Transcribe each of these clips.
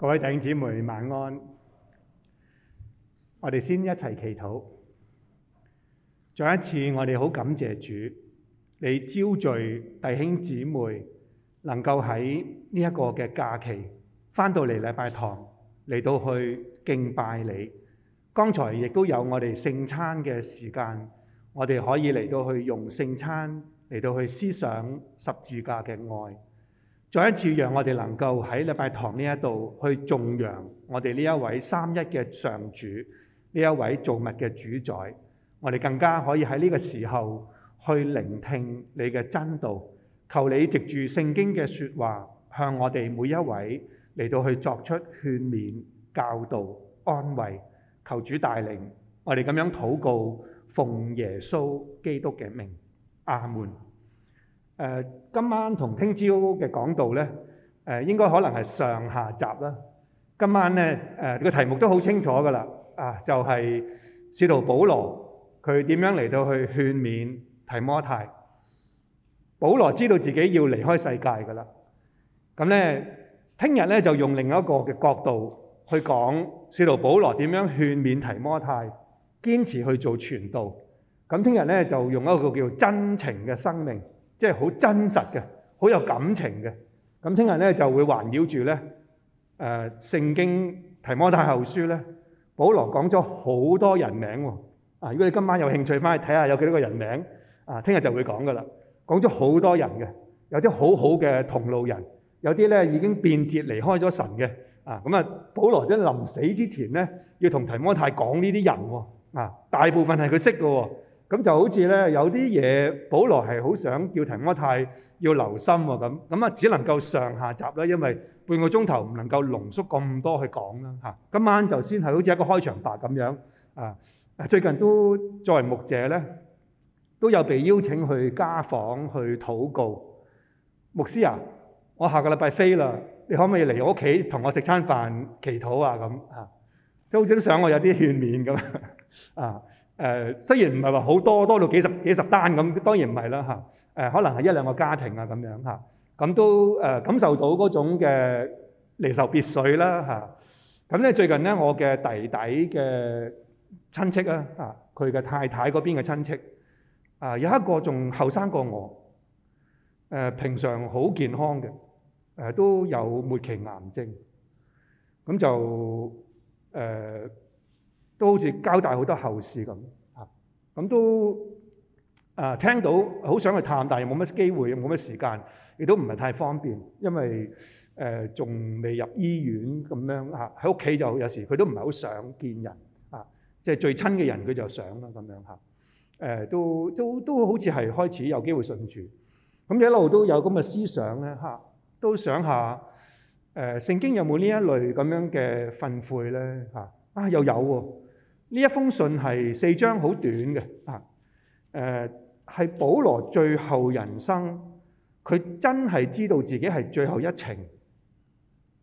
各位弟兄姊妹，晚安。我哋先一齊祈禱。再一次，我哋好感謝主，你招聚弟兄姊妹，能夠喺呢一個嘅假期返到嚟禮拜堂嚟到去敬拜你。剛才亦都有我哋聖餐嘅時間，我哋可以嚟到去用聖餐，嚟到去思想十字架嘅愛。再一次讓我哋能夠喺禮拜堂呢一度去頌揚我哋呢一位三一嘅上主，呢一位造物嘅主宰，我哋更加可以喺呢個時候去聆聽你嘅真道，求你藉住聖經嘅說話向我哋每一位嚟到去作出勸勉、教導、安慰，求主帶領我哋咁樣禱告，奉耶穌基督嘅名，阿門。誒今晚同聽朝嘅講道咧，誒應該可能係上下集啦。今晚咧誒個題目都好清楚㗎啦，啊就係使徒保羅佢點樣嚟到去勸勉提摩太。保羅知道自己要離開世界㗎啦，咁咧聽日咧就用另一個嘅角度去講使徒保羅點樣勸勉提摩太堅持去做傳道。咁聽日咧就用一個叫真情嘅生命。即係好真實嘅，好有感情嘅。咁聽日咧就會環繞住咧，誒、呃、聖經提摩太後書咧，保羅講咗好多人名喎。啊，如果你今晚有興趣，翻去睇下有幾多個人名。啊，聽日就會講噶啦，講咗好多人嘅，有啲好好嘅同路人，有啲咧已經變節離開咗神嘅。啊，咁啊，保羅喺臨死之前咧，要同提摩太講呢啲人喎。啊，大部分係佢識嘅喎。咁就好似咧，有啲嘢，保羅係好想叫提摩太要留心喎，咁咁啊，只能夠上下集啦，因為半個鐘頭唔能夠濃縮咁多去講啦，嚇。今晚就先係好似一個開場白咁樣啊。最近都作為牧者咧，都有被邀請去家訪去禱告。牧師啊，我下個禮拜飛啦，你可唔可以嚟我屋企同我食餐飯祈禱啊？咁、啊、都、啊、好正想我有啲勸勉咁啊。誒雖然唔係話好多，多到幾十幾十單咁，當然唔係啦嚇。誒可能係一兩個家庭啊咁樣嚇，咁都誒感受到嗰種嘅離愁別緒啦嚇。咁咧最近咧，我嘅弟弟嘅親戚啊嚇，佢嘅太太嗰邊嘅親戚啊有一個仲後生過我，誒平常好健康嘅，誒都有末期癌症，咁就誒。都好似交代好多後事咁，咁都誒聽到好想去探，但係冇乜機會，冇乜時間，亦都唔係太方便，因為仲未、呃、入醫院咁樣，喺屋企就有時佢都唔係好想見人即係、啊就是、最親嘅人佢就想啦咁樣、啊、都都都好似係開始有機會信主，咁一路都有咁嘅思想咧、啊、都想下誒聖、呃、經有冇呢一類咁樣嘅訓誨咧啊，啊又有喎、啊、～呢一封信係四章好短嘅，啊、呃，係保羅最後人生，佢真係知道自己係最後一程，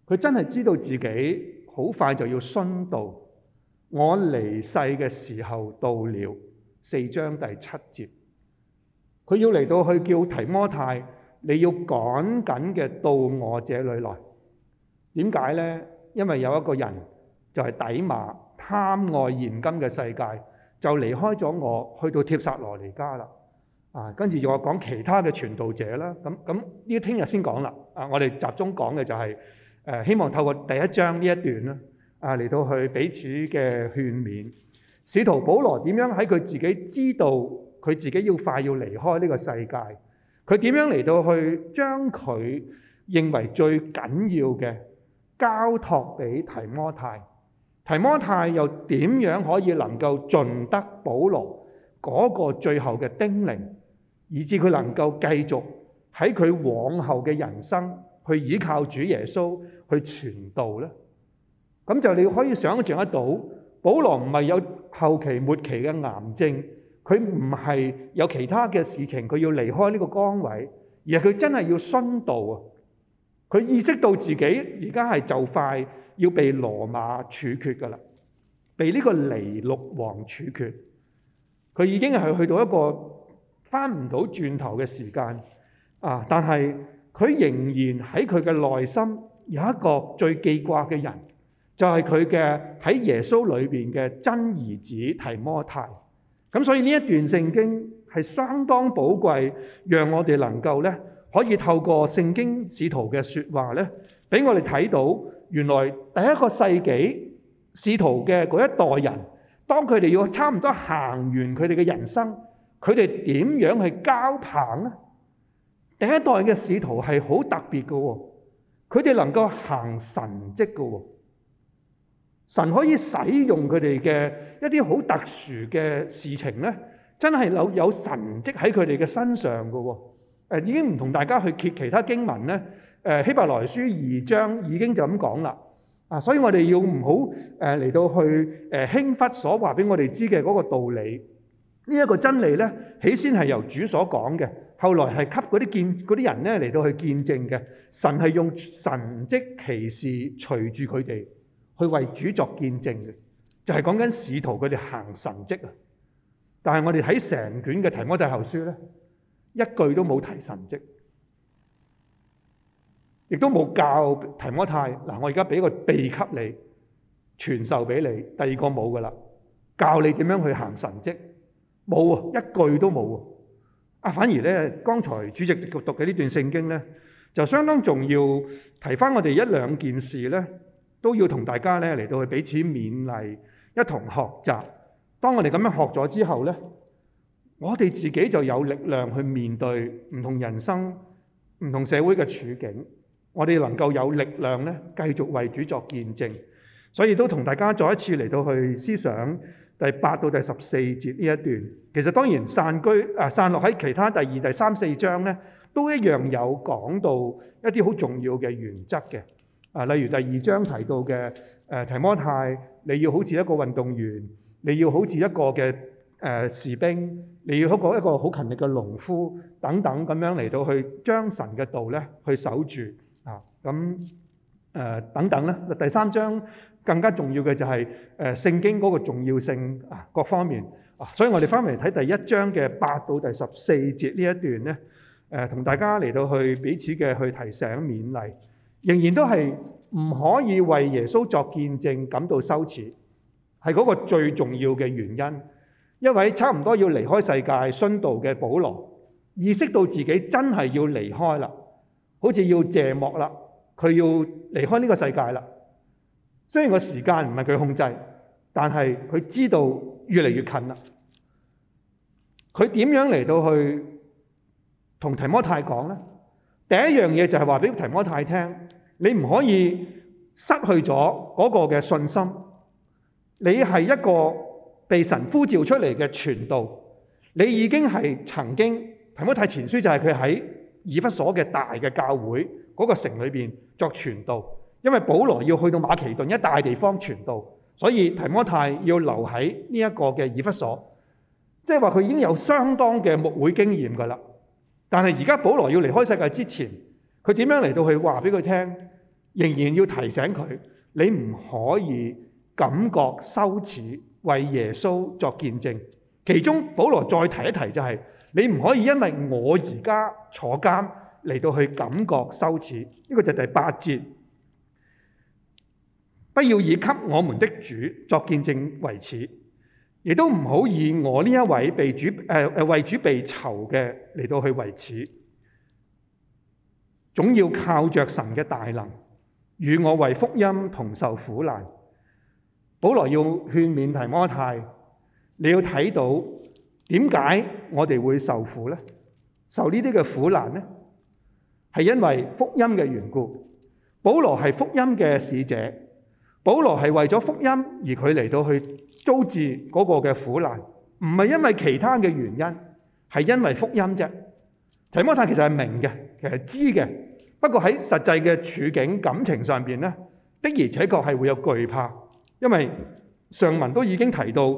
佢真係知道自己好快就要殉道，我離世嘅時候到了，四章第七節，佢要嚟到去叫提摩太，你要趕緊嘅到我這裡來，點解咧？因為有一個人就係底馬。貪愛現今嘅世界就離開咗我，去到帖撒羅尼加啦。啊，跟住又講其他嘅傳道者啦。咁咁呢？聽日先講啦。啊，我哋集中講嘅就係誒，希望透過第一章呢一段啦，啊嚟到去彼此嘅勸勉。使徒保羅點樣喺佢自己知道佢自己要快要離開呢個世界，佢點樣嚟到去將佢認為最緊要嘅交託俾提摩太？提摩太又點樣可以能夠盡得保羅嗰個最後嘅叮嚀，以致佢能夠繼續喺佢往後嘅人生去依靠主耶穌去傳道咧？咁就你可以想象得到，保羅唔係有後期末期嘅癌症，佢唔係有其他嘅事情，佢要離開呢個崗位，而係佢真係要殉道啊！佢意識到自己而家係就快。要被羅馬處決噶啦，被呢個尼祿王處決，佢已經係去到一個翻唔到轉頭嘅時間啊！但係佢仍然喺佢嘅內心有一個最記掛嘅人，就係佢嘅喺耶穌裏邊嘅真兒子提摩太。咁所以呢一段聖經係相當寶貴，讓我哋能夠咧可以透過聖經使徒嘅説話，咧，俾我哋睇到。原來第一個世紀使徒嘅嗰一代人，當佢哋要差唔多行完佢哋嘅人生，佢哋點樣去交棒呢？第一代嘅使徒係好特別嘅喎，佢哋能夠行神蹟嘅喎，神可以使用佢哋嘅一啲好特殊嘅事情呢？真係有有神蹟喺佢哋嘅身上嘅喎。已經唔同大家去揭其他經文呢？誒希伯來書二章已經就咁講啦，啊，所以我哋要唔好誒嚟到去誒輕忽所話俾我哋知嘅嗰個道理。呢一個真理咧，起先係由主所講嘅，後來係給嗰啲見啲人咧嚟到去見證嘅。神係用神蹟奇事隨住佢哋去為主作見證嘅，就係講緊使徒佢哋行神蹟啊。但係我哋喺成卷嘅提摩太後書咧，一句都冇提神蹟。亦都冇教提摩太嗱，我而家俾個秘笈給你傳授俾你。第二個冇㗎喇，教你點樣去行神蹟，冇啊，一句都冇啊。啊，反而咧，剛才主席讀嘅呢段聖經咧，就相當重要。提返我哋一兩件事咧，都要同大家咧嚟到去彼此勉勵，一同學習。當我哋咁樣學咗之後咧，我哋自己就有力量去面對唔同人生、唔同社會嘅處境。我哋能夠有力量咧，繼續為主作見證，所以都同大家再一次嚟到去思想第八到第十四節呢一段。其實當然散居啊，散落喺其他第二第三四章咧，都一樣有講到一啲好重要嘅原則嘅啊，例如第二章提到嘅、呃、提摩太，你要好似一個運動員，你要好似一個嘅、呃、士兵，你要好似一個一個好勤力嘅農夫等等咁樣嚟到去將神嘅道咧去守住。啊，咁誒等等咧。嗱，第三章更加重要嘅就係誒聖經嗰個重要性啊，各方面啊。所以我哋翻嚟睇第一章嘅八到第十四節呢一段咧，誒同大家嚟到去彼此嘅去提醒勉勵，仍然都係唔可以為耶穌作見證感到羞恥，係嗰個最重要嘅原因。一位差唔多要離開世界殉道嘅保羅，意識到自己真係要離開啦。好似要謝幕啦，佢要離開呢個世界啦。雖然個時間唔係佢控制，但係佢知道越嚟越近啦。佢點樣嚟到去同提摩太講呢？第一樣嘢就係話俾提摩太聽：你唔可以失去咗嗰個嘅信心。你係一個被神呼召出嚟嘅傳道，你已經係曾經提摩太前書就係佢喺。以弗所嘅大嘅教會嗰、那個城裏面作傳道，因為保羅要去到馬其頓一大地方傳道，所以提摩太要留喺呢一個嘅以弗所，即係話佢已經有相當嘅牧會經驗了。但是而家保羅要離開世界之前，佢點樣嚟到去話俾佢聽？仍然要提醒佢，你唔可以感覺羞恥，為耶穌作見證。其中保羅再提一提就係。你唔可以因為我而家坐監嚟到去感覺羞恥，呢、這個就是第八節。不要以給我們的主作見證為恥，亦都唔好以我呢一位被主、呃、為主被囚嘅嚟到去為恥。總要靠着神嘅大能，與我為福音同受苦難。保羅要勸勉提摩太，你要睇到。點解我哋會受苦呢？受呢啲嘅苦難呢？係因為福音嘅緣故。保羅係福音嘅使者，保羅係為咗福音而佢嚟到去遭致嗰個嘅苦難，唔係因為其他嘅原因，係因為福音啫。提摩太其實係明嘅，其實係知嘅，不過喺實際嘅處境感情上面呢，的而且確係會有懼怕，因為上文都已經提到。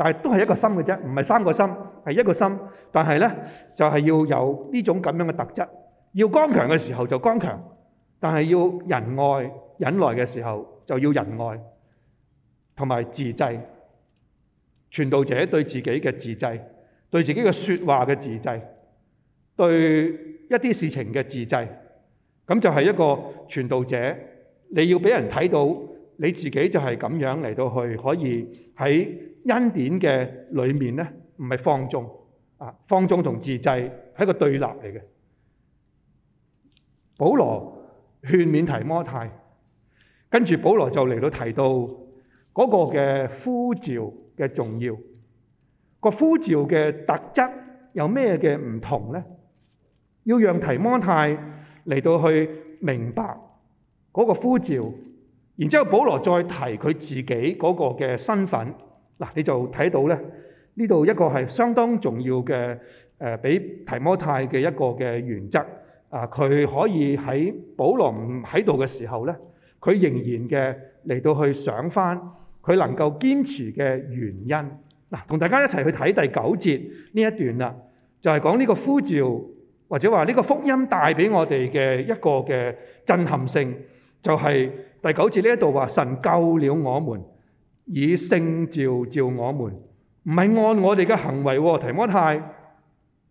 但係都係一個心嘅啫，唔係三個心，係一個心。但係呢，就係、是、要有呢種咁樣嘅特質，要剛強嘅時候就剛強，但係要仁愛忍耐嘅時候就要仁愛，同埋自制。傳道者對自己嘅自制，對自己嘅說話嘅自制，對一啲事情嘅自制，咁就係一個傳道者。你要俾人睇到你自己就係咁樣嚟到去，可以喺恩典嘅裏面呢，唔係放縱啊，放縱同自制係一個對立嚟嘅。保羅勸勉提摩太，跟住保羅就嚟到提到嗰個嘅呼召嘅重要，嗰個呼召嘅特質有咩嘅唔同呢？要讓提摩太嚟到去明白嗰個呼召，然之後保羅再提佢自己嗰個嘅身份。嗱，你就睇到咧，呢度一個係相當重要嘅誒，俾、呃、提摩太嘅一個嘅原則啊，佢可以喺保羅唔喺度嘅時候咧，佢仍然嘅嚟到去想返佢能夠堅持嘅原因。嗱、啊，同大家一齊去睇第九節呢一段啦，就係講呢個呼召或者話呢個福音帶俾我哋嘅一個嘅震撼性，就係、是、第九節呢一度話神救了我們。以聖召召我們，唔係按我哋嘅行為喎，提摩太，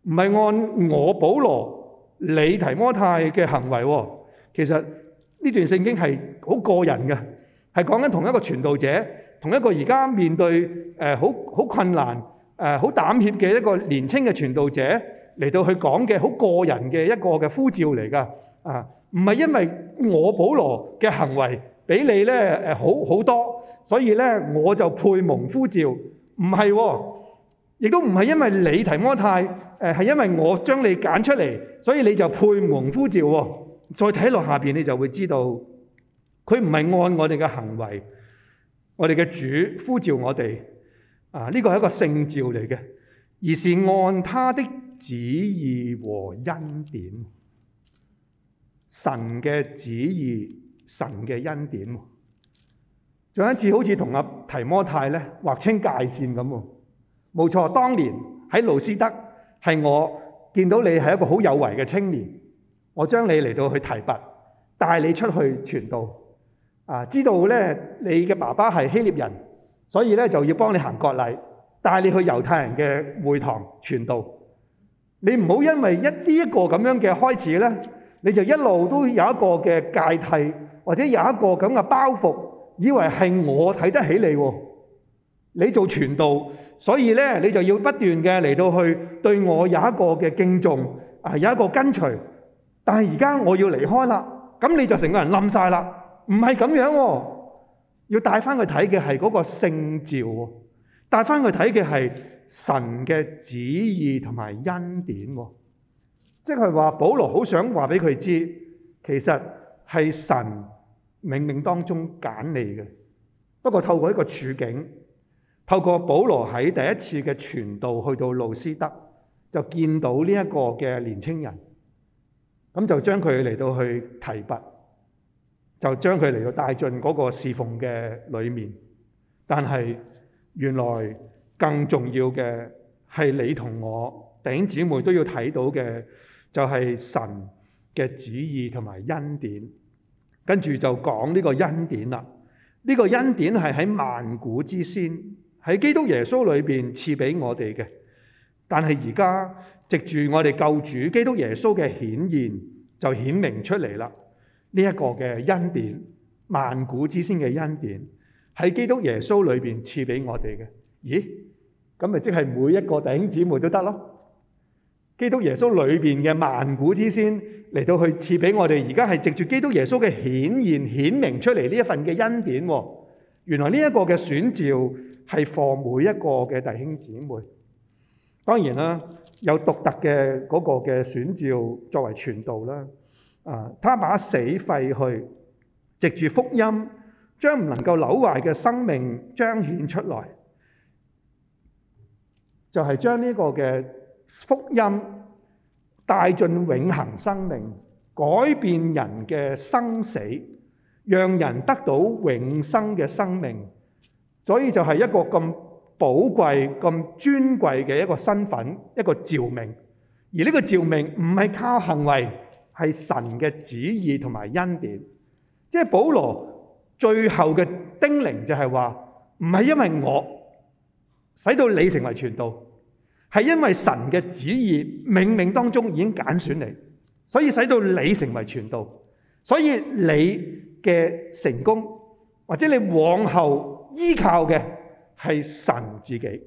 唔係按我保羅、你提摩太嘅行為喎。其實呢段聖經係好個人嘅，係講緊同一個傳道者，同一個而家面對誒好好困難、誒好膽怯嘅一個年輕嘅傳道者嚟到去講嘅好個人嘅一個嘅呼召嚟㗎。啊，唔係因為我保羅嘅行為。俾你咧，誒，好好多，所以咧我就配蒙呼召，唔係喎，亦都唔係因為你提摩太，誒，係因為我將你揀出嚟，所以你就配蒙呼召喎。再睇落下邊，你就會知道，佢唔係按我哋嘅行為，我哋嘅主呼召我哋，啊，呢個係一個聖召嚟嘅，而是按他的旨意和恩典，神嘅旨意。神嘅恩典，再一次好似同阿提摩太咧劃清界線咁喎，冇錯。當年喺路斯德係我見到你係一個好有為嘅青年，我將你嚟到去提拔，帶你出去傳道。啊，知道咧你嘅爸爸係希臘人，所以咧就要幫你行割禮，帶你去猶太人嘅會堂傳道。你唔好因為一呢一個咁樣嘅開始咧，你就一路都有一個嘅界替。或者有一個咁嘅包袱，以為係我睇得起你喎，你做傳道，所以呢，你就要不斷嘅嚟到去對我有一個嘅敬重、啊，有一個跟隨。但係而家我要離開啦，咁你就成個人冧曬啦。唔係咁樣喎。啊，要帶返去睇嘅係嗰個聖召，帶返去睇嘅係神嘅旨意同埋恩典。即係話保羅好想話畀佢知，其實係神。冥冥當中揀你嘅，不過透過一個處境，透過保羅喺第一次嘅傳道去到路斯德，就見到呢一個嘅年輕人，咁就將佢嚟到去提拔，就將佢嚟到帶進嗰個侍奉嘅裏面。但係原來更重要嘅係你同我弟兄姊妹都要睇到嘅，就係神嘅旨意同埋恩典。跟住就講呢個恩典啦。呢個恩典係喺萬古之先喺基督耶穌裏邊賜俾我哋嘅。但係而家藉住我哋救主基督耶穌嘅顯現，就顯明出嚟啦。呢一個嘅恩典，萬古之先嘅恩典喺基督耶穌裏邊賜俾我哋嘅。咦？咁咪即係每一個弟兄姊妹都得咯？基督耶穌裏邊嘅萬古之先。嚟到去賜俾我哋，而家係藉住基督耶穌嘅顯現顯明出嚟呢一份嘅恩典。原來呢一個嘅選召係放每一個嘅弟兄姊妹。當然啦，有獨特嘅嗰個嘅選召作為傳道啦。啊，他把死廢去，藉住福音，將唔能夠朽壞嘅生命彰顯出來，就係、是、將呢個嘅福音。帶進永恒生命，改變人嘅生死，讓人得到永生嘅生命。所以就是一個咁寶貴、咁尊貴嘅一個身份，一個召命。而呢個召命唔是靠行為，是神嘅旨意同埋恩典。即是保羅最後嘅叮嚀就是話唔是因為我使到你成為傳道。係因為神嘅旨意冥冥當中已經揀選你，所以使到你成為傳道，所以你嘅成功或者你往後依靠嘅係神自己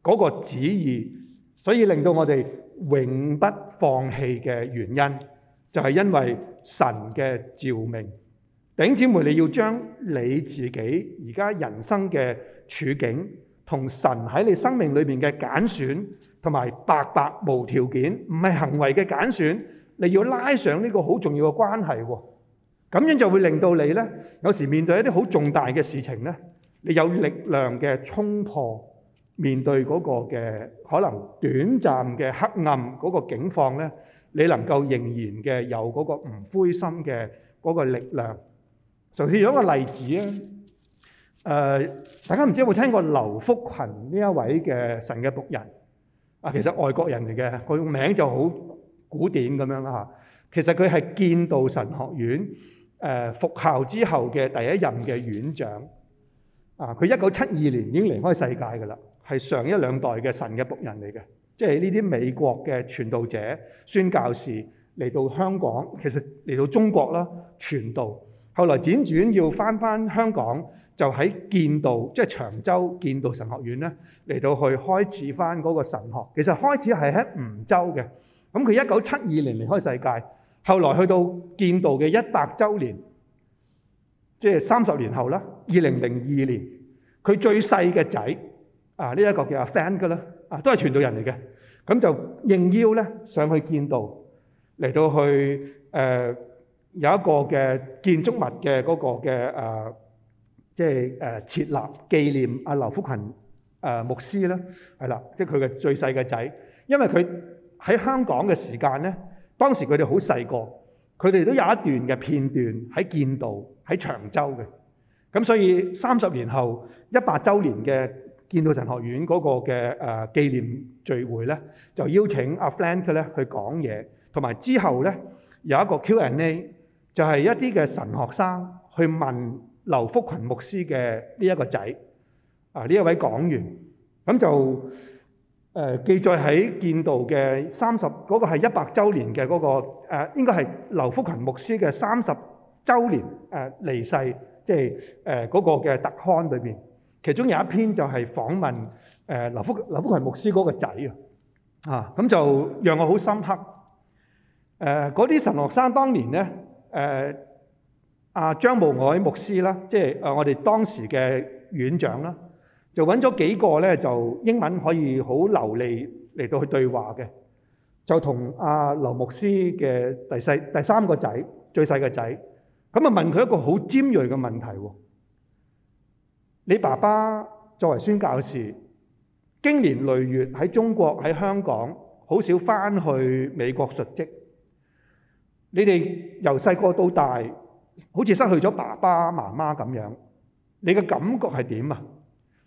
嗰個旨意，所以令到我哋永不放棄嘅原因，就係因為神嘅召命。頂姊妹，你要將你自己而家人生嘅處境。同神喺你生命裏面嘅揀選，同埋白白無條件，唔係行為嘅揀選，你要拉上呢個好重要嘅關係喎。咁樣就會令到你咧，有時面對一啲好重大嘅事情咧，你有力量嘅衝破面對嗰個嘅可能短暫嘅黑暗嗰個境況咧，你能夠仍然嘅有嗰個唔灰心嘅嗰個力量。上次有一個例子咧。誒，大家唔知有冇聽過劉福群呢一位嘅神嘅僕人啊，其實是外國人嚟嘅，佢個名就好古典咁樣啦嚇。其實佢係建道神學院誒復校之後嘅第一任嘅院長啊，佢一九七二年已經離開世界㗎啦，係上一兩代嘅神嘅僕人嚟嘅，即係呢啲美國嘅傳道者宣教士嚟到香港，其實嚟到中國啦傳道，後來輾轉要翻翻香港，就喺建道，即係長洲建道神學院咧，嚟到去開始翻嗰個神學。其實開始係喺梧州嘅，咁佢一九七二年離開世界，後來去到建道嘅一百週年，即係三十年後啦，二零零二年，佢最細嘅仔啊，呢一個叫阿 Fan 噶啦，啊都係傳道人嚟嘅，咁就應邀咧上去建道嚟到去誒有一個嘅建築物嘅嗰個嘅誒。即係誒設立紀念阿劉福群誒牧師咧，係啦，即係佢嘅最細嘅仔。因為佢喺香港嘅時間咧，當時佢哋好細個，佢哋都有一段嘅片段喺建道喺長洲嘅。咁所以三十年後一百週年嘅建道神學院嗰個嘅誒紀念聚會咧，就邀請阿 Frank 咧去講嘢，同埋之後咧有一個 Q&A，就係一啲嘅神學生去問。劉福群牧師嘅呢一個仔啊，呢一位講員咁就誒記載喺建道嘅三十嗰個係一百週年嘅嗰個誒，應該係劉福群牧師嘅三十週年誒、那個呃呃、離世，即係誒嗰個嘅特刊裏面。其中有一篇就係訪問誒、呃、劉福劉福群牧師嗰個仔啊，啊咁就讓我好深刻誒，嗰、呃、啲神學生當年呢。誒、呃。啊，張無外牧師啦，即係啊，我哋當時嘅院長啦，就揾咗幾個咧，就英文可以好流利嚟到去對話嘅，就同阿劉牧師嘅第四、第三個仔、最細個仔，咁啊問佢一個好尖鋭嘅問題喎，你爸爸作為宣教士，經年累月喺中國、喺香港，好少翻去美國述職，你哋由細個到大，好似失去咗爸爸媽媽咁樣，你嘅感覺係點啊？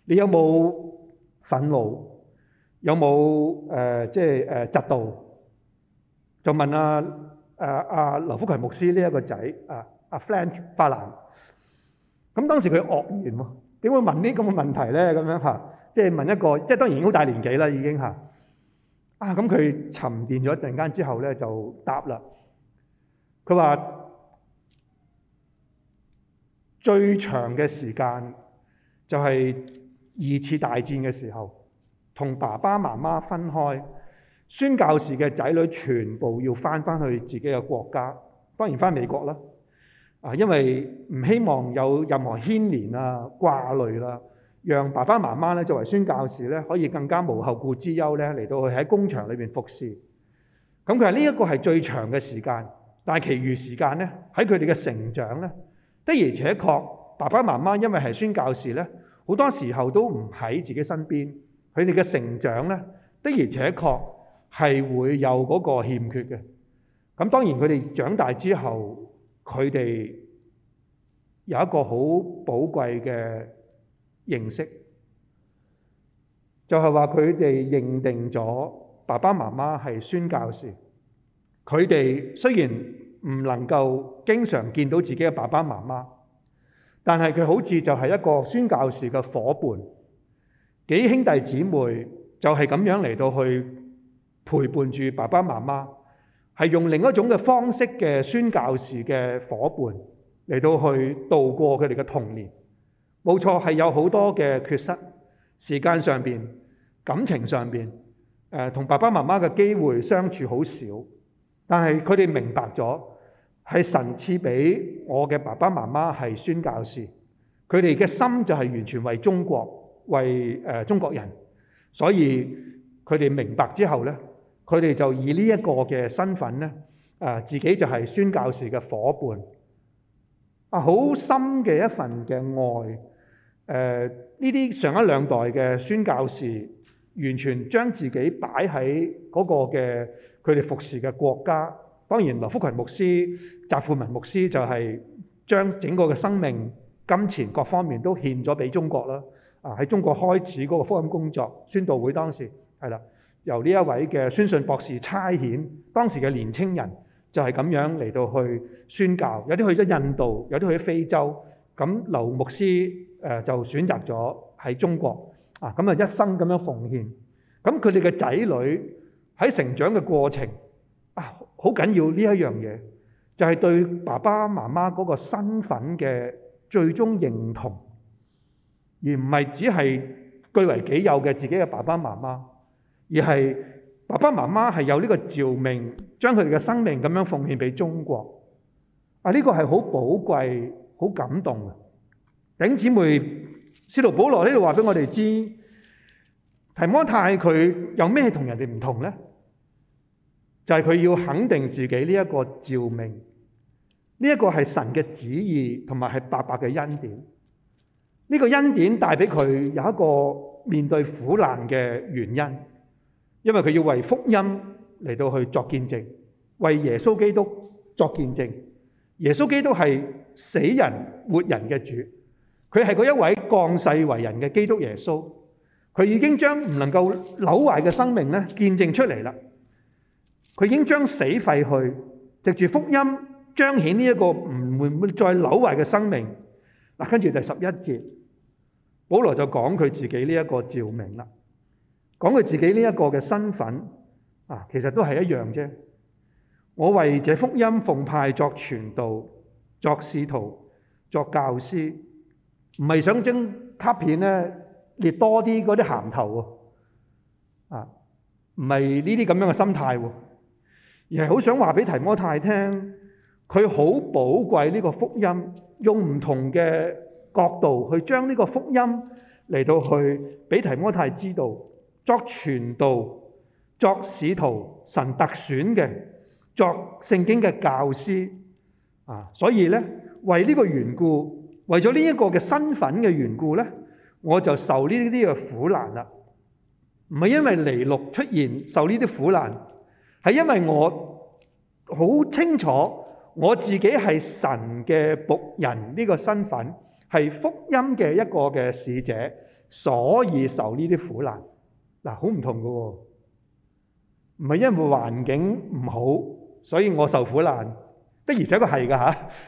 你有冇憤怒？有冇誒即係誒窒到？就問阿阿阿劉福葵牧師呢一個仔啊，阿 Frank 花蘭。咁當時佢愕然喎，點會問呢咁嘅問題咧？咁樣嚇，即係問一個，即係當然已經好大年紀啦，已經嚇。啊，咁佢沉澱咗陣間之後咧，就答啦。佢話。最長嘅時間就係二次大戰嘅時候，同爸爸媽媽分開。宣教士嘅仔女全部要翻翻去自己嘅國家，當然翻美國啦。啊，因為唔希望有任何牽連啊、掛慮啦，讓爸爸媽媽咧作為宣教士咧，可以更加無後顧之憂咧嚟到去喺工場裏面服侍。咁佢係呢一個係最長嘅時間，但係其餘時間咧喺佢哋嘅成長咧。的而且確，爸爸媽媽因為係宣教士咧，好多時候都唔喺自己身邊，佢哋嘅成長咧的而且確係會有嗰個欠缺嘅。咁當然佢哋長大之後，佢哋有一個好寶貴嘅認識，就係話佢哋認定咗爸爸媽媽係宣教士。佢哋雖然唔能夠經常見到自己嘅爸爸媽媽，但係佢好似就係一個宣教士嘅伙伴，幾兄弟姊妹就係咁樣嚟到去陪伴住爸爸媽媽，係用另一種嘅方式嘅宣教士嘅伙伴嚟到去度過佢哋嘅童年。冇錯，係有好多嘅缺失，時間上面、感情上面，誒、呃、同爸爸媽媽嘅機會相處好少，但係佢哋明白咗。係神賜俾我嘅爸爸媽媽係宣教士，佢哋嘅心就係完全為中國、為、呃、中國人，所以佢哋明白之後呢，佢哋就以呢一個嘅身份呢啊、呃、自己就係宣教士嘅伙伴啊，好深嘅一份嘅愛。誒，呢啲上一兩代嘅宣教士，完全將自己擺喺嗰個嘅佢哋服侍嘅國家。當然，羅福群牧師、澤富民牧師就係將整個嘅生命、金錢各方面都獻咗俾中國啦。啊，喺中國開始嗰個福音工作，宣道會當時係啦，由呢一位嘅宣信博士差遣，當時嘅年青人就係咁樣嚟到去宣教，有啲去咗印度，有啲去咗非洲。咁劉牧師誒就選擇咗喺中國啊，咁啊一生咁樣奉獻。咁佢哋嘅仔女喺成長嘅過程。啊，好緊要呢一樣嘢，就係、是、對爸爸媽媽嗰個身份嘅最終認同，而唔係只係據為己有嘅自己嘅爸爸媽媽，而係爸爸媽媽係有呢個召命，將佢哋嘅生命咁樣奉獻俾中國。啊，呢、這個係好寶貴、好感動嘅。頂姊妹，使徒保羅呢度話俾我哋知，提摩太佢有咩同人哋唔同咧？就是佢要肯定自己呢一個召命，呢、這、一個是神嘅旨意，同埋係白白嘅恩典。呢、這個恩典帶給佢有一個面對苦難嘅原因，因為佢要為福音嚟到去作見證，為耶穌基督作見證。耶穌基督是死人活人嘅主，佢是嗰一位降世為人嘅基督耶穌，佢已經將唔能夠扭壞嘅生命呢見證出嚟了佢已將死廢去，藉住福音彰顯呢一個唔會再朽壞嘅生命。跟住第十一節，保羅就講佢自己呢一個召命啦，講佢自己呢一個嘅身份、啊、其實都係一樣啫。我為這福音奉派作傳道、作使徒、作教師，唔係想將卡片呢列多啲嗰啲銜頭喎。唔係呢啲咁樣嘅心態喎。亦係好想話俾提摩太聽，佢好寶貴呢個福音，用唔同嘅角度去將呢個福音嚟到去俾提摩太知道，作傳道、作使徒、神特選嘅、作聖經嘅教師啊！所以咧，為呢個緣故，為咗呢一個嘅身份嘅緣故咧，我就受呢啲嘅苦難啦，唔係因為尼祿出現受呢啲苦難。係因為我好清楚我自己係神嘅僕人呢個身份，係福音嘅一個嘅使者，所以受呢啲苦難。嗱，好唔同噶喎，唔係因為環境唔好所以我受苦難。的而且確係噶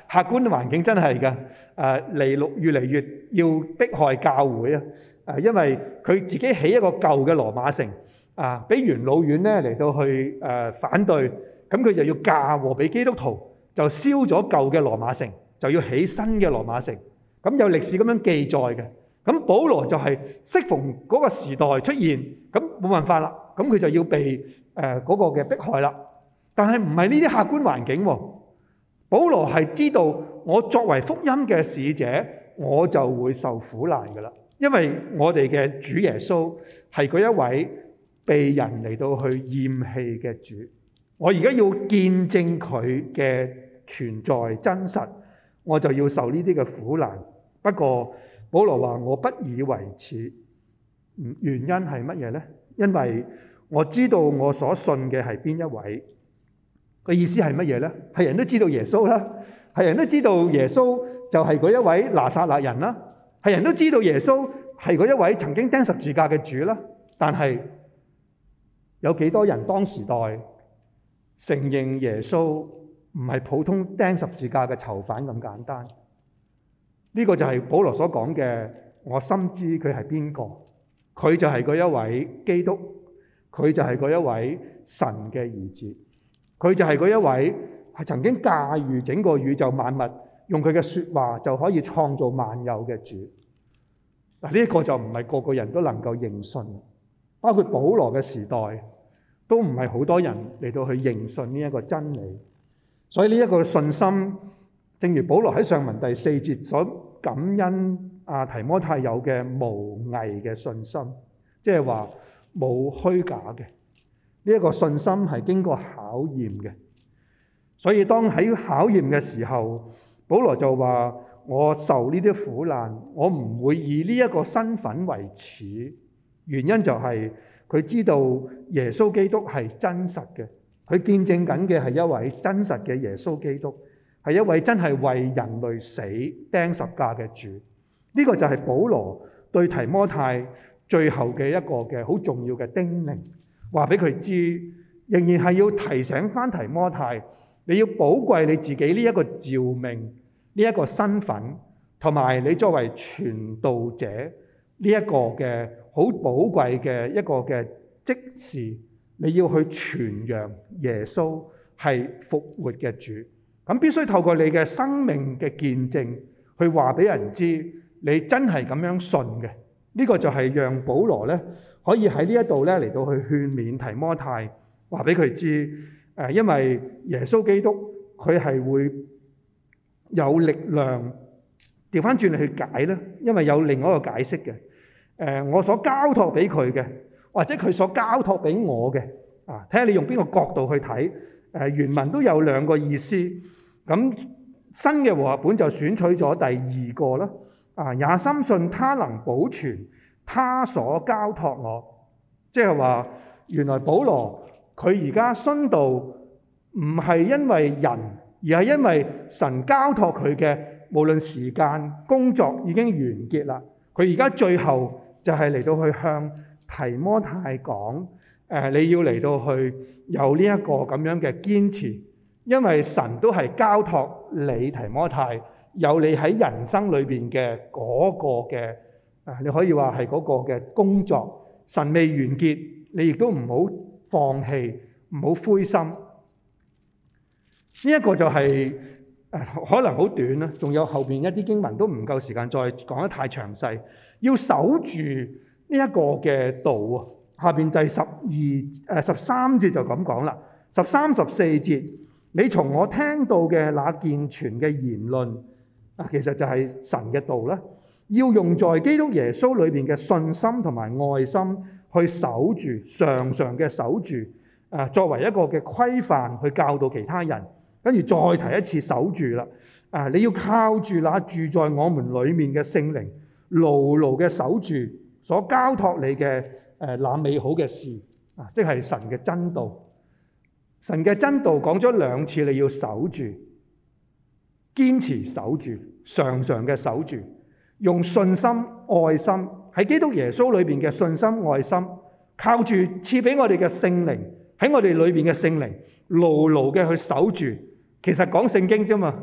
吓，客觀的環境真係噶。誒，尼祿越嚟越要迫害教會啊。誒，因為佢自己起一個舊嘅羅馬城。啊！俾元老院咧嚟到去誒反對，咁佢就要嫁禍俾基督徒，就燒咗舊嘅羅馬城，就要起新嘅羅馬城。咁有歷史咁樣記載嘅。咁保羅就係適逢嗰個時代出現，咁冇辦法啦，咁佢就要被誒嗰個嘅迫害啦。但係唔係呢啲客觀環境喎。保羅係知道我作為福音嘅使者，我就會受苦難㗎啦，因為我哋嘅主耶穌係嗰一位。被人嚟到去厭棄嘅主，我而家要見證佢嘅存在真實，我就要受呢啲嘅苦難。不過，保羅話我不以為恥，原因係乜嘢咧？因為我知道我所信嘅係邊一位。個意思係乜嘢咧？係人都知道耶穌啦，係人都知道耶穌就係嗰一位拿撒勒人啦，係人都知道耶穌係嗰一位曾經釘十字架嘅主啦。但係，有幾多人當時代承認耶穌唔係普通釘十字架嘅囚犯咁簡單？呢、呢個就係保羅所講嘅。我深知佢係邊個，佢就係嗰一位基督，佢就係嗰一位神嘅兒子，佢就係嗰一位係曾經駕馭整個宇宙萬物，用佢嘅說話就可以創造萬有嘅主。嗱、呢、呢個就唔係個個人都能夠認信，包括保羅嘅時代。都唔係好多人嚟到去認信呢一個真理，所以呢一個信心，正如保羅喺上文第四節所感恩阿提摩太有嘅無偽嘅信心，即係話冇虛假嘅呢一個信心係經過考驗嘅，所以當喺考驗嘅時候，保羅就話我受呢啲苦難，我唔會以呢一個身份為恥，原因就係、是。佢知道耶穌基督係真實嘅，佢見證緊嘅係一位真實嘅耶穌基督，係一位真係為人類死釘十架嘅主。呢、這個就係保羅對提摩太最後嘅一個嘅好重要嘅叮嚀，話俾佢知，仍然係要提醒翻提摩太，你要寶貴你自己呢一個召命，呢、這、一個身份，同埋你作為傳道者呢一、這個嘅。好寶貴的一個的即時你要去傳揚耶穌是復活的主，咁必須透過你的生命的見證去話俾人知，你真是這樣信的。這個就是讓保羅咧，可以在這裏嚟到去勸勉提摩太，話俾佢知，因為耶穌基督佢係會有力量調翻轉嚟去解咧，因為有另外一個解釋的誒，我所交託俾佢嘅，或者佢所交託俾我嘅，啊，睇下你用邊個角度去睇？原文都有兩個意思，咁新嘅和合本就選取咗第二個啦。也深信他能保存他所交託我，即係話原來保羅佢而家殉道唔係因為人，而係因為神交託佢嘅，無論時間工作已經完結啦，佢而家最後。就係、是、嚟到去向提摩太講，誒、呃、你要嚟到去有呢一個咁樣嘅堅持，因為神都係交託你提摩太，有你喺人生裏邊嘅嗰個嘅，啊你可以話係嗰個嘅工作，神未完結，你亦都唔好放棄，唔好灰心。呢、這、一個就係、是呃、可能好短啦，仲有後邊一啲經文都唔夠時間再講得太詳細。要守住呢一個嘅道啊，下面第十二、呃、十三節就咁講啦。十三、十四節，你從我聽到嘅那健全嘅言論啊，其實就係神嘅道啦。要用在基督耶穌裏面嘅信心同埋愛心去守住，常常嘅守住啊，作為一個嘅規範去教導其他人。跟住再提一次守住啦。啊，你要靠住那住在我們裏面嘅聖靈。牢牢嘅守住所交託你嘅誒那美好嘅事啊，即係神嘅真道。神嘅真道講咗兩次，你要守住，堅持守住，常常嘅守住，用信心、愛心喺基督耶穌裏邊嘅信心、愛心，靠住賜給我哋嘅聖靈喺我哋裏邊嘅聖靈，牢牢嘅去守住。其實講聖經啫嘛，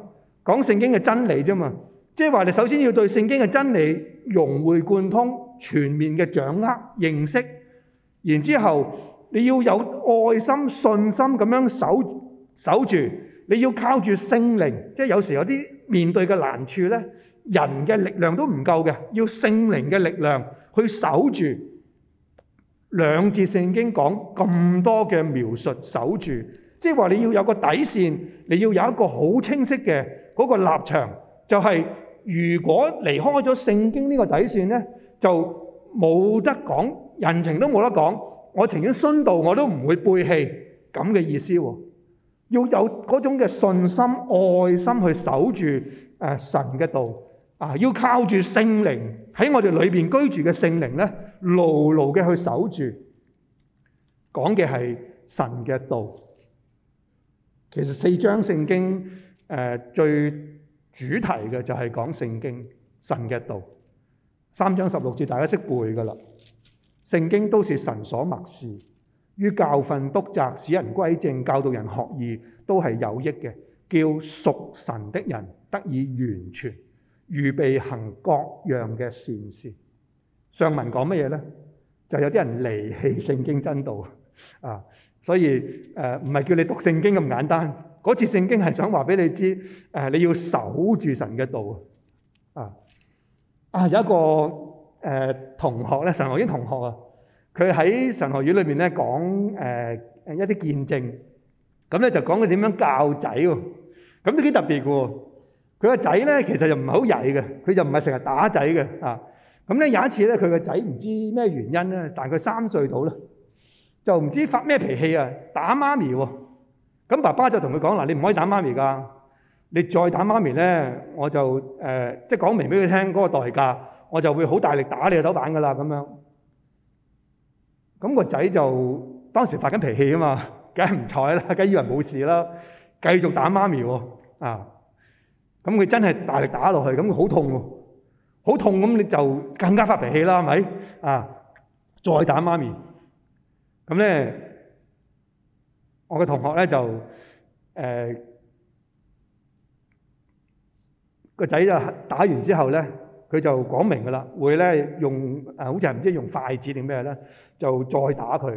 講聖經嘅真理啫嘛。即係話，你首先要對聖經嘅真理融會貫通、全面嘅掌握認識，然之後你要有愛心、信心咁樣守守住。你要靠住聖靈，即係有時有啲面對嘅難處咧，人嘅力量都唔夠嘅，要聖靈嘅力量去守住。兩節聖經講咁多嘅描述，守住。即係話你要有個底線，你要有一個好清晰嘅嗰個立場，就係。如果離開咗聖經呢個底線呢，就冇得講，人情都冇得講。我情願殉道，我都唔會背棄咁嘅意思。要有嗰種嘅信心、愛心去守住誒神嘅道啊！要靠住聖靈喺我哋裏面居住嘅聖靈咧，牢牢嘅去守住，講嘅係神嘅道。其實四章聖經誒、呃、最。主題嘅就係講聖經神嘅道，三章十六節大家識背㗎喇。聖經都是神所默示，於教訓、督責、使人歸正、教導人學義，都係有益嘅，叫屬神的人得以完全，預備行各樣嘅善事。上文講乜嘢呢？就有啲人離棄聖經真道啊，所以誒唔係叫你讀聖經咁簡單。嗰次聖經係想話俾你知，誒你要守住神嘅道啊！啊，有一個誒、呃、同學咧，神學院同學啊，佢喺神學院裏面咧講誒一啲見證，咁、嗯、咧就講佢點樣教仔喎，咁都幾特別嘅喎。佢個仔咧其實又唔係好曳嘅，佢就唔係成日打仔嘅啊。咁、嗯、咧、嗯、有一次咧，佢個仔唔知咩原因咧，大概三歲到啦，就唔知發咩脾氣啊，打媽咪喎。咁爸爸就同佢講：嗱，你唔可以打媽咪㗎！你再打媽咪咧，我就誒即係講明俾佢聽嗰個代價，我就會好大力打你個手板㗎啦咁樣。咁個仔就當時發緊脾氣啊嘛，梗係唔睬啦，梗係以為冇事啦，繼續打媽咪喎啊！咁佢真係大力打落去，咁佢好痛喎，好痛咁你就更加發脾氣啦，係咪啊？再打媽咪，咁咧。我嘅同學咧，就誒，個仔就打完之後咧，佢就講明㗎喇，會咧用誒好似係唔知用筷子定咩咧，就再打佢。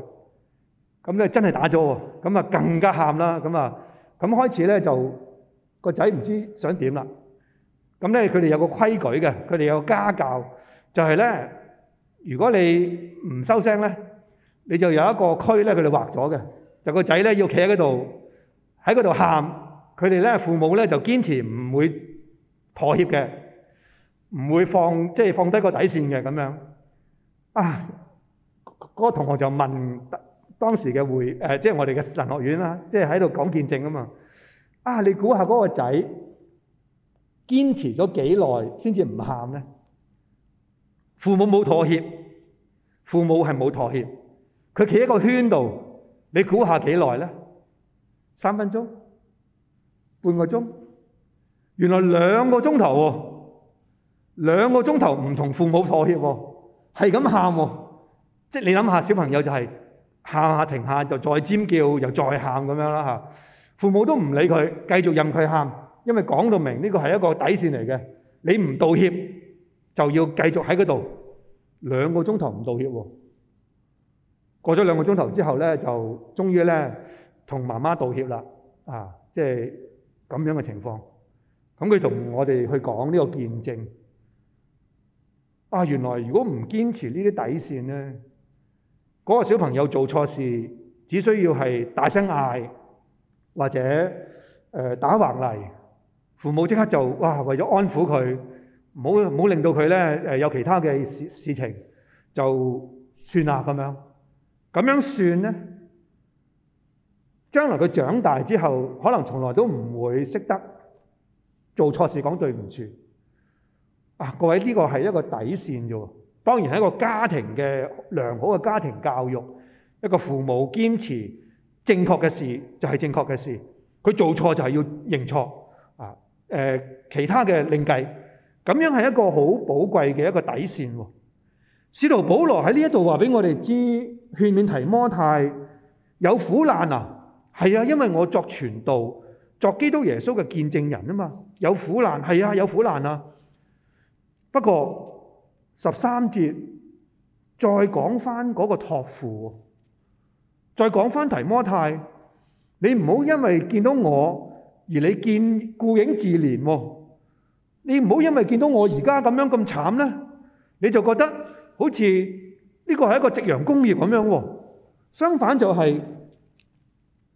咁咧真係打咗喎，咁啊更加喊啦，咁啊咁開始咧就個仔唔知想點啦。咁咧佢哋有個規矩嘅，佢哋有家教，就係咧如果你唔收聲咧，你就有一個區咧，佢哋畫咗嘅。就個仔咧要企喺嗰度，喺嗰度喊，佢哋咧父母咧就堅持唔會妥協嘅，唔會放即係放低個底線嘅咁樣。啊，嗰個同學就問當時嘅會誒，即係我哋嘅神學院啦，即係喺度講見證啊嘛。啊，你估下嗰個仔堅持咗幾耐先至唔喊咧？父母冇妥協，父母係冇妥協，佢企喺個圈度。你估下幾耐咧？三分鐘、半個鐘，原來兩個鐘頭喎！兩個鐘頭唔同父母妥協喎，係咁喊喎，即係你諗下，小朋友就係喊下停下，就再尖叫，又再喊咁樣啦嚇。父母都唔理佢，繼續任佢喊，因為講到明呢個係一個底線嚟嘅，你唔道歉就要繼續喺嗰度兩個鐘頭唔道歉喎。過咗兩個鐘頭之後呢，就終於呢，同媽媽道歉啦。啊，即係咁樣嘅情況。咁佢同我哋去講呢個見證。啊，原來如果唔堅持呢啲底線呢，嗰個小朋友做錯事，只需要係大聲嗌，或者呃打橫嚟，父母即刻就哇為咗安撫佢，唔好唔好令到佢呢有其他嘅事，事情就算啦咁樣。這樣算呢？將來他長大之後，可能從來都不會懂得做錯事講對不住啊！各位這個是一個底線啫，當然是一個家庭的良好的家庭教育，一個父母堅持正確的事就是正確的事，他做錯就是要認錯啊！誒、呃，其他的另計，這樣是一個很寶貴的一個底線。使徒保羅喺呢度話畀我哋知，勸勉提摩太有苦難啊，係啊，因為我作傳道、作基督耶穌嘅見證人啊嘛，有苦難，係啊，有苦難啊。不過十三節再講返嗰個託付，再講返提摩太，你唔好因為見到我而你見顧影自憐喎，你唔好因為見到我而家咁樣咁慘咧，你就覺得。好似呢個係一個夕陽工業咁樣喎，相反就係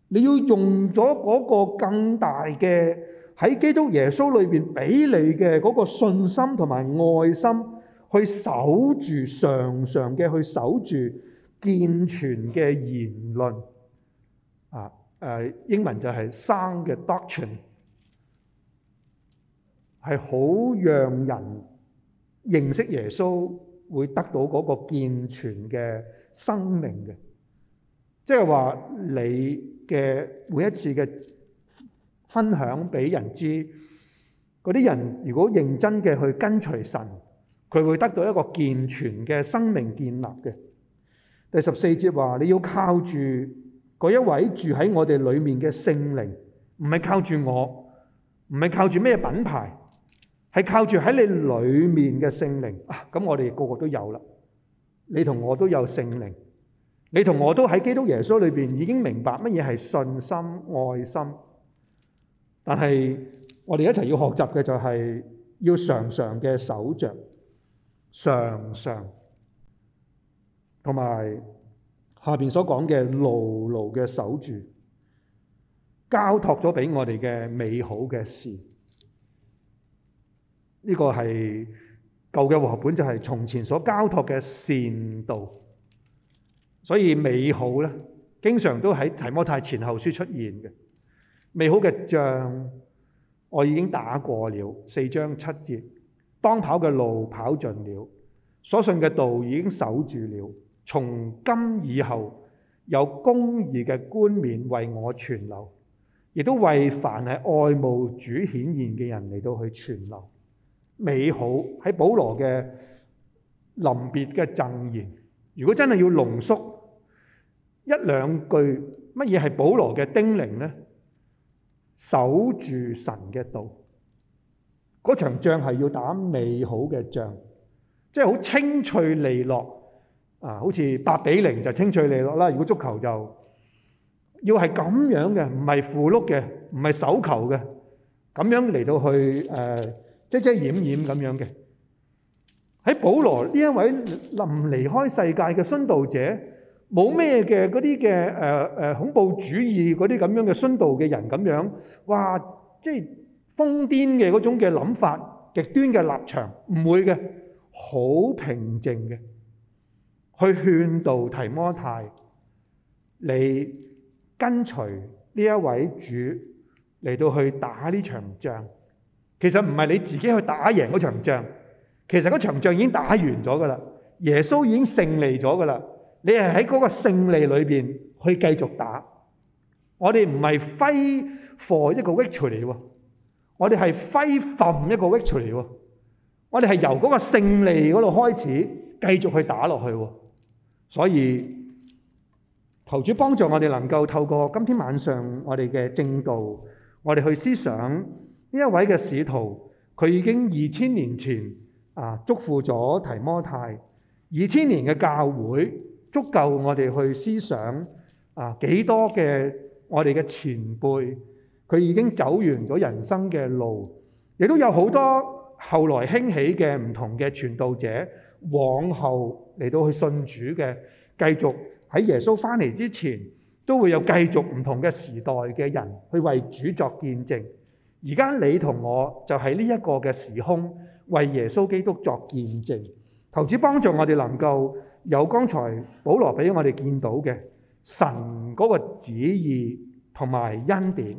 你要用咗嗰個更大嘅喺基督耶穌裏面俾你嘅嗰個信心同埋愛心，去守住常常嘅去守住健全嘅言論啊！誒英文就係 sound 嘅 doctrine 係好讓人認識耶穌。會得到嗰個健全嘅生命嘅，即係話你嘅每一次嘅分享俾人知，嗰啲人如果認真嘅去跟隨神，佢會得到一個健全嘅生命建立嘅。第十四節話你要靠住嗰一位住喺我哋裏面嘅聖靈，唔係靠住我，唔係靠住咩品牌。係靠住喺你裏面嘅聖靈啊，咁我哋個個都有啦。你同我都有聖靈，你同我都喺基督耶穌裏邊已經明白乜嘢係信心、愛心。但係我哋一齊要學習嘅就係要常常嘅守着，常常同埋下邊所講嘅牢牢嘅守住，交託咗俾我哋嘅美好嘅事。呢、這個係舊嘅和合本，就係從前所交託嘅善道，所以美好咧，經常都喺提摩太前後書出現嘅美好嘅仗，我已經打過了，四章七節。當跑嘅路跑盡了，所信嘅道已經守住了。從今以後，有公義嘅冠冕為我存留，亦都為凡係愛慕主顯現嘅人嚟到去存留。美好喺保羅嘅臨別嘅贈言，如果真係要濃縮一兩句乜嘢係保羅嘅叮嚀咧，守住神嘅道，嗰場仗係要打美好嘅仗，即係好清脆利落啊！好似八比零就清脆利落啦。如果足球就要係咁樣嘅，唔係附碌嘅，唔係手球嘅，咁樣嚟到去誒。呃遮遮掩掩咁樣嘅，喺保羅呢一位臨離開世界嘅殉道者，冇咩嘅嗰啲嘅誒誒恐怖主義嗰啲咁樣嘅殉道嘅人咁樣，哇！即係瘋癲嘅嗰種嘅諗法，極端嘅立場，唔會嘅，好平靜嘅，去勸導提摩太，你跟隨呢一位主嚟到去打呢場仗。其實不是你自己去打贏嗰場仗，其實嗰場仗已經打完了，耶穌已經勝利了，你是在嗰個勝利裏面去繼續打。我們不是揮霍一個 victory 嚟喎，我們是揮奮一個 victory 嚟喎。我們是由嗰個勝利嗰度開始繼續去打下去。所以，求主幫助我們能夠透過今天晚上我們的正道，我們去思想，呢一位嘅使徒，佢已經二千年前啊，祝福咗提摩太。二千年嘅教會足夠我哋去思想啊，幾多嘅我哋嘅前輩，佢已經走完咗人生嘅路。亦都有好多後來興起嘅唔同嘅傳道者，往後嚟到去信主嘅，繼續喺耶穌翻嚟之前，都會有繼續唔同嘅時代嘅人去為主作見證。而家你同我就喺呢一個嘅時空為耶穌基督作見證，求主幫助我哋能夠有剛才保羅俾我哋見到嘅神嗰個旨意同埋恩典，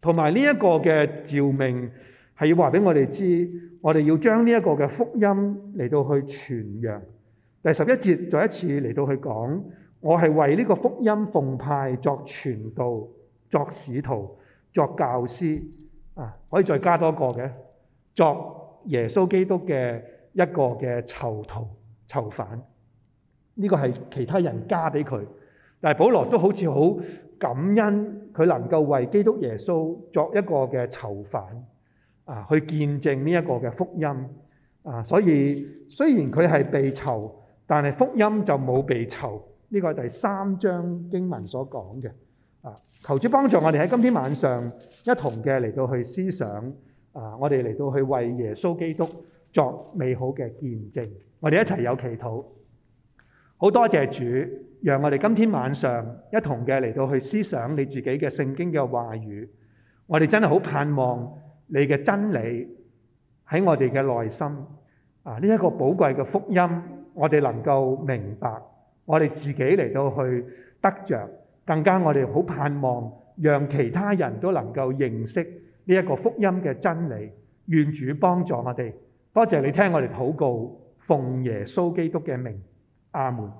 同埋呢一個嘅召命係要話畀我哋知，我哋要將呢一個嘅福音嚟到去傳揚。第十一節再一次嚟到去講，我係為呢個福音奉派作傳道作使徒。作教師啊，可以再加多個嘅，作耶穌基督嘅一個嘅囚徒、囚犯。呢個係其他人加俾佢，但係保羅都好似好感恩，佢能夠為基督耶穌作一個嘅囚犯啊，去見證呢一個嘅福音啊。所以雖然佢係被囚，但係福音就冇被囚。呢個係第三章經文所講嘅。啊！求主幫助我哋喺今天晚上一同嘅嚟到去思想啊！我哋嚟到去為耶穌基督作美好嘅見證。我哋一齊有祈禱。好多謝主，讓我哋今天晚上一同嘅嚟到去思想你自己嘅聖經嘅話語。我哋真係好盼望你嘅真理喺我哋嘅內心啊！呢一個寶貴嘅福音，我哋能夠明白，我哋自己嚟到去得着。更加我哋好盼望，讓其他人都能夠認識呢一個福音嘅真理。願主幫助我哋。多謝你聽我哋禱告，奉耶穌基督嘅名，阿門。